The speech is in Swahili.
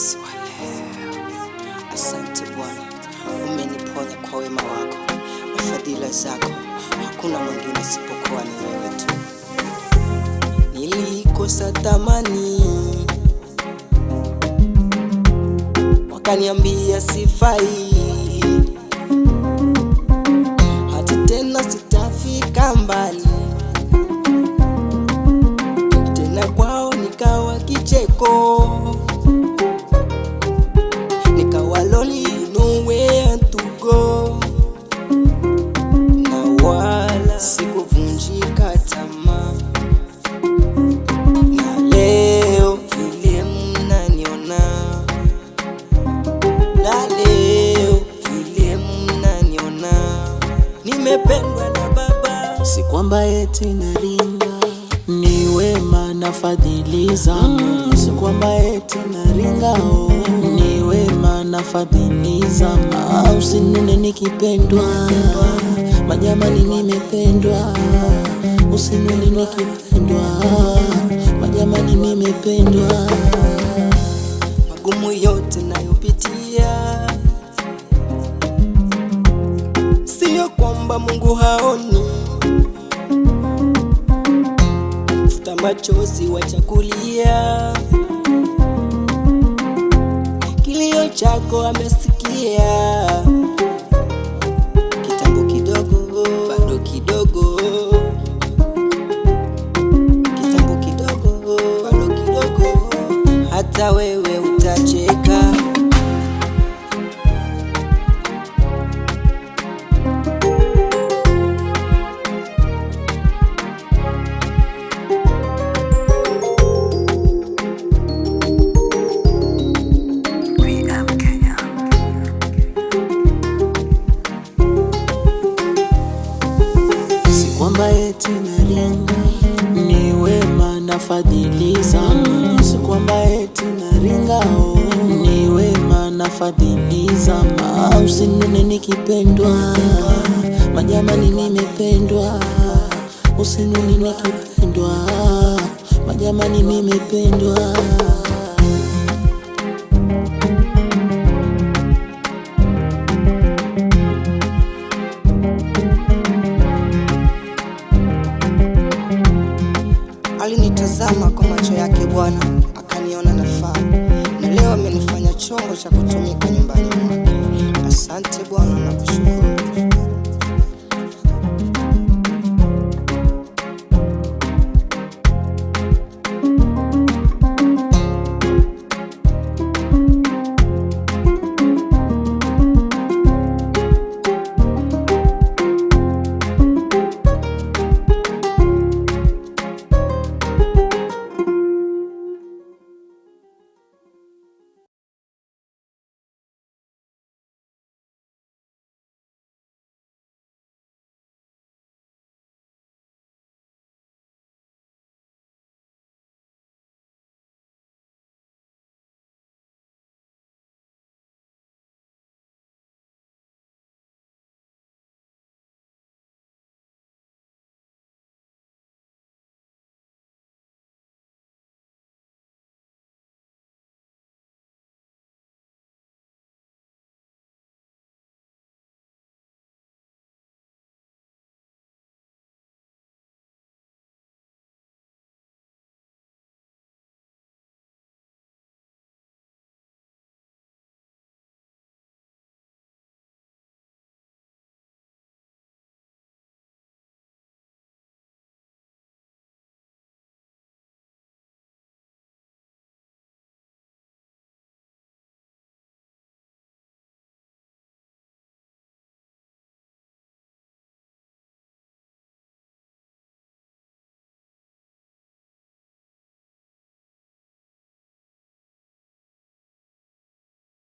usi wa leo. Asante Bwana, umeniponya kwa wema wako na fadhila zako, hakuna mwingine isipokuwa ni wewe tu. Nilikosa thamani, wakaniambia sifai nimependwa na Baba, si kwamba eti naringa, ni wema na fadhili zangu, mm, si kwamba eti naringa, oh, ni wema na fadhili zangu. Mm. Usinune nikipendwa, majamani, nimependwa. Usinune nikipendwa, majamani, nimependwa. Magumu yote nayopitia kwamba Mungu haoni, futa machozi, wacha kulia, kilio chako amesikia. Kitambo kidogo, bado kidogo, kitambo kidogo, bado kidogo, hata wewe kwamba eti naringa ni wema na fadhili zama, si kwamba eti naringa oh. ni wema na fadhili zama. Usinene nikipendwa, majamani, nimependwa. Usinene nikipendwa, majamani, nimependwa. Akanitazama kwa macho yake Bwana akaniona nafaa, na leo amenifanya chombo cha kutumika nyumbani mwake. Asante Bwana.